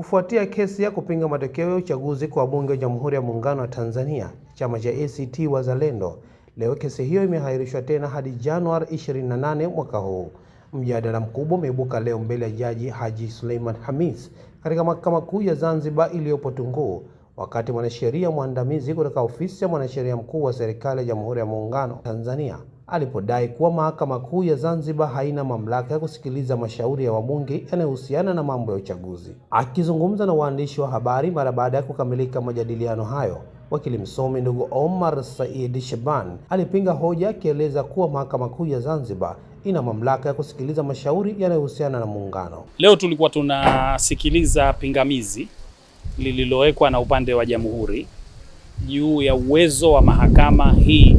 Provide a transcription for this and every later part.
Kufuatia kesi ya kupinga matokeo ya uchaguzi kwa wabunge wa Jamhuri ya Muungano wa Tanzania, chama cha ACT Wazalendo, leo kesi hiyo imeahirishwa tena hadi Januari 28 mwaka huu. Mjadala mkubwa umeibuka leo mbele ya Jaji Haji Suleiman Hamis katika Mahakama Kuu ya Zanzibar iliyopo Tunguu, wakati mwanasheria mwandamizi kutoka Ofisi ya Mwanasheria Mkuu wa Serikali ya Jamhuri ya Muungano wa Tanzania alipodai kuwa Mahakama Kuu ya Zanzibar haina mamlaka ya kusikiliza mashauri ya wabunge yanayohusiana na mambo ya uchaguzi. Akizungumza na waandishi wa habari mara baada ya kukamilika majadiliano hayo, wakili msomi ndugu Omar Said Shaban alipinga hoja akieleza kuwa Mahakama Kuu ya Zanzibar ina mamlaka ya kusikiliza mashauri yanayohusiana na muungano. Leo tulikuwa tunasikiliza pingamizi lililowekwa na upande wa Jamhuri juu ya uwezo wa mahakama hii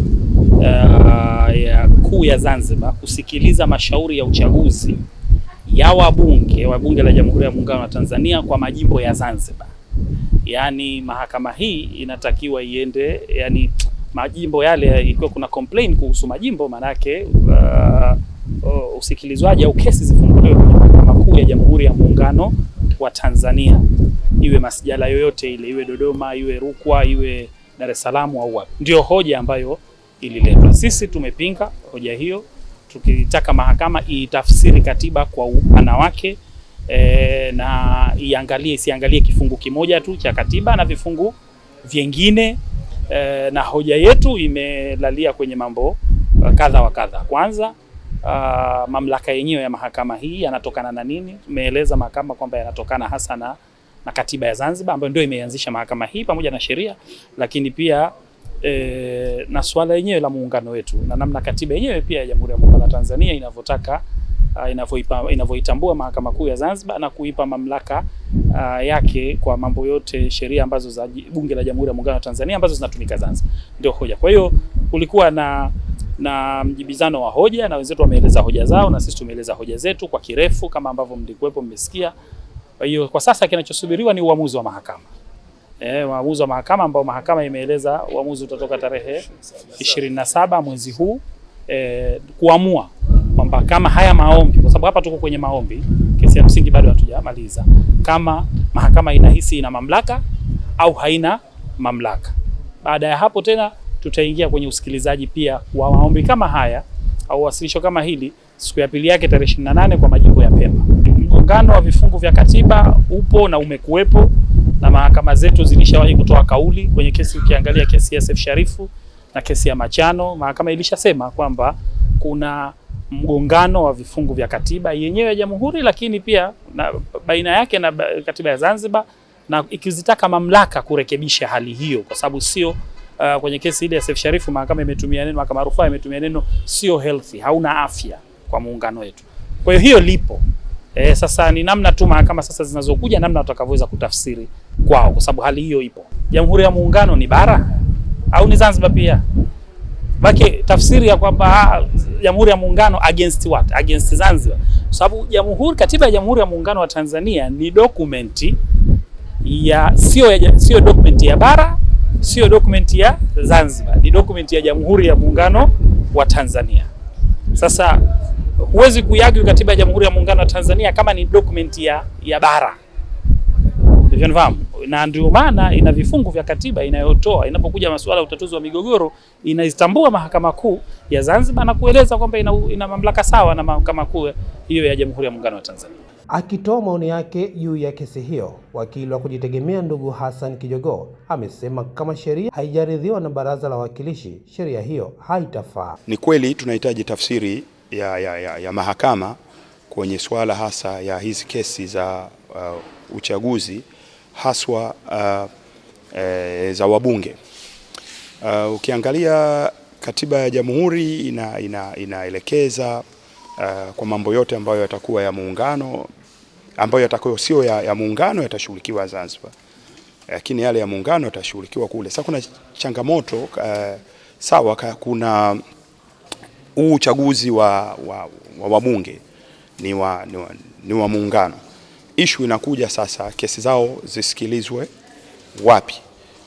Eh, ya kuu ya Zanzibar kusikiliza mashauri ya uchaguzi ya wabunge wa bunge la Jamhuri ya Muungano wa Tanzania kwa majimbo ya Zanzibar. Yaani mahakama hii inatakiwa iende, yani majimbo yale, ikiwa kuna complain kuhusu majimbo, maanake uh, eh, oh, usikilizwaji au kesi zifunguliwe kwenye mahakama kuu ya Jamhuri ya Muungano wa Tanzania, iwe masijala yoyote ile, iwe Dodoma, iwe Rukwa, iwe Dar es Salaam au wapi. Ndio hoja ambayo ililetwa. Sisi tumepinga hoja hiyo tukitaka mahakama itafsiri katiba kwa upana wake e, na iangalie isiangalie kifungu kimoja tu cha katiba na vifungu vyengine e, na hoja yetu imelalia kwenye mambo eh, kadha wa kadha. Kwanza uh, mamlaka yenyewe ya mahakama hii yanatokana na nini? Tumeeleza mahakama kwamba yanatokana hasa na na katiba ya Zanzibar ambayo ndio imeanzisha mahakama hii pamoja na sheria, lakini pia e, na swala lenyewe la muungano wetu na namna katiba yenyewe pia ya Jamhuri ya Muungano wa Tanzania inavyotaka inavyoitambua Mahakama Kuu ya Zanzibar na kuipa mamlaka a, yake kwa mambo yote sheria ambazo za Bunge la Jamhuri ya Muungano wa Tanzania ambazo zinatumika Zanzibar, ndio hoja. Kwa hiyo kulikuwa na na mjibizano wa hoja na wenzetu wameeleza hoja zao na sisi tumeeleza hoja zetu kwa kirefu kama ambavyo mlikuwepo mmesikia. Kwa hiyo kwa sasa kinachosubiriwa ni uamuzi wa mahakama eh, waamuzi wa mahakama ambao mahakama imeeleza uamuzi utatoka tarehe ishirini na saba mwezi huu eh, kuamua kwamba kama haya maombi, kwa sababu hapa tuko kwenye maombi, kesi ya msingi bado hatujamaliza, kama mahakama inahisi ina mamlaka au haina mamlaka. Baada ya hapo tena tutaingia kwenye usikilizaji pia wa maombi kama haya au wasilisho kama hili siku ya pili yake tarehe 28 kwa majimbo ya Pemba. Mgongano wa vifungu vya katiba upo na umekuwepo na mahakama zetu zilishawahi kutoa kauli kwenye kesi. Ukiangalia kesi ya Seif Sharifu na kesi ya Machano, mahakama ilishasema kwamba kuna mgongano wa vifungu vya katiba yenyewe ya Jamhuri, lakini pia na baina yake na katiba ya Zanzibar, na ikizitaka mamlaka kurekebisha hali hiyo, kwa sababu sio uh, kwenye kesi ile ya Seif Sharifu mahakama imetumia neno, mahakama rufaa imetumia neno sio healthy, hauna afya kwa muungano wetu. Kwa hiyo hiyo lipo E, sasa ni namna tu mahakama sasa zinazokuja namna watakavyoweza kutafsiri kwao, kwa sababu hali hiyo ipo. Jamhuri ya Muungano ni bara au ni Zanzibar pia? Baki tafsiri ya kwamba ah, Jamhuri ya Muungano against what? Against Zanzibar. Kwa sababu jamhuri, katiba ya Jamhuri ya Muungano wa Tanzania ni dokumenti ya sio ya, sio dokumenti ya bara, sio dokumenti ya Zanzibar, ni dokumenti ya Jamhuri ya Muungano wa Tanzania. Sasa huwezi kuyagwi katiba ya Jamhuri ya Muungano wa Tanzania kama ni document ya, ya bara Unafahamu? na ndio maana ina vifungu vya katiba inayotoa inapokuja masuala ya utatuzi wa migogoro, inaistambua mahakama kuu ya Zanzibar na kueleza kwamba ina, ina mamlaka sawa na mahakama kuu hiyo ya Jamhuri ya Muungano wa Tanzania. Akitoa maoni yake juu ya kesi hiyo, wakili wa kujitegemea ndugu Hassan Kijogo amesema kama sheria haijaridhiwa na Baraza la Wawakilishi, sheria hiyo haitafaa. Ni kweli tunahitaji tafsiri ya, ya, ya, ya mahakama kwenye swala hasa ya hizi kesi za uh, uchaguzi haswa uh, e, za wabunge uh, ukiangalia katiba ya Jamhuri ina, ina, inaelekeza uh, kwa mambo yote ambayo yatakuwa ya muungano ambayo yatakuwa sio ya, ya muungano yatashughulikiwa Zanzibar, lakini yale ya muungano yatashughulikiwa kule. Sasa kuna changamoto uh, sawa, kuna huu uchaguzi wa wabunge wa, wa ni wa, ni wa muungano. Ishu inakuja sasa, kesi zao zisikilizwe wapi?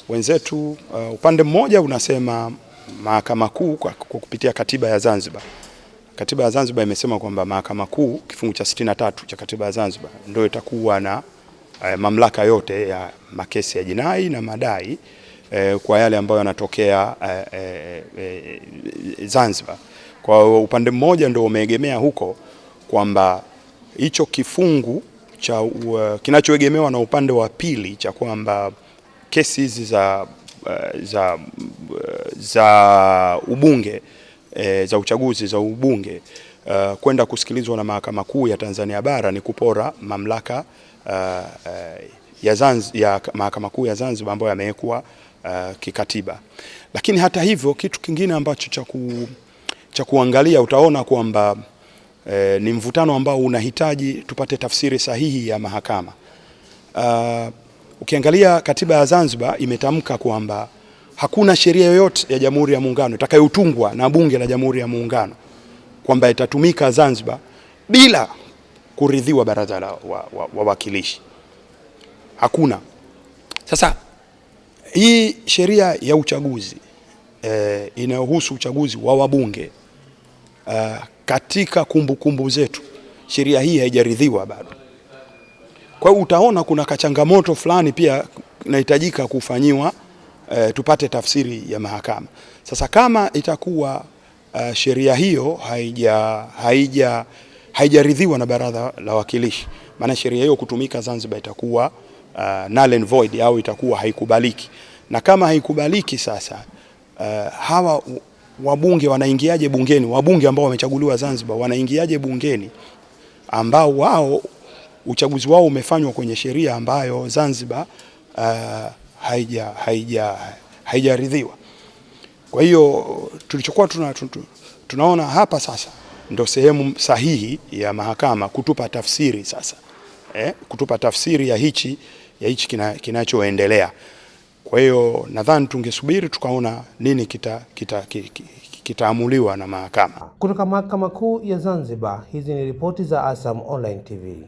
Wenzetu uh, upande mmoja unasema mahakama kuu kwa kupitia katiba ya Zanzibar. Katiba ya Zanzibar imesema kwamba mahakama kuu kifungu cha 63 cha katiba ya Zanzibar ndio itakuwa na uh, mamlaka yote ya makesi ya jinai na madai uh, kwa yale ambayo yanatokea uh, uh, uh, Zanzibar. Kwa upande mmoja ndio umeegemea huko kwamba hicho kifungu cha uh, kinachoegemewa na upande wa pili cha kwamba kesi hizi za, uh, za, uh, za ubunge uh, za uchaguzi za ubunge uh, kwenda kusikilizwa na Mahakama Kuu ya Tanzania Bara ni kupora mamlaka uh, uh, ya, Zanz, ya Mahakama Kuu ya Zanzibar ambayo yamewekwa uh, kikatiba. Lakini hata hivyo kitu kingine ambacho cha ku cha kuangalia utaona kwamba e, ni mvutano ambao unahitaji tupate tafsiri sahihi ya mahakama. Uh, ukiangalia katiba ya Zanzibar imetamka kwamba hakuna sheria yoyote ya Jamhuri ya Muungano itakayotungwa na Bunge la Jamhuri ya Muungano kwamba itatumika Zanzibar bila kuridhiwa baraza la wawakilishi wa, wa hakuna. Sasa hii sheria ya uchaguzi eh, inayohusu uchaguzi wa wabunge uh, katika kumbukumbu kumbu zetu sheria hii haijaridhiwa bado. Kwa hiyo utaona kuna kachangamoto fulani pia inahitajika kufanyiwa uh, tupate tafsiri ya mahakama. Sasa kama itakuwa uh, sheria hiyo haija haija haijaridhiwa na baraza la wakilishi, maana sheria hiyo kutumika Zanzibar itakuwa uh, null and void au itakuwa haikubaliki, na kama haikubaliki sasa uh, hawa wabunge wanaingiaje bungeni, wabunge ambao wamechaguliwa Zanzibar wanaingiaje bungeni, ambao wao uchaguzi wao umefanywa kwenye sheria ambayo Zanzibar uh, haija haija haijaridhiwa. Kwa hiyo tulichokuwa tuna, tuna, tunaona hapa sasa ndo sehemu sahihi ya mahakama kutupa tafsiri sasa eh, kutupa tafsiri ya hichi ya hichi kinachoendelea kina kwa hiyo nadhani tungesubiri tukaona nini kitaamuliwa kita, kita na mahakama. Kutoka Mahakama Kuu ya Zanzibar, hizi ni ripoti za Asam Online TV.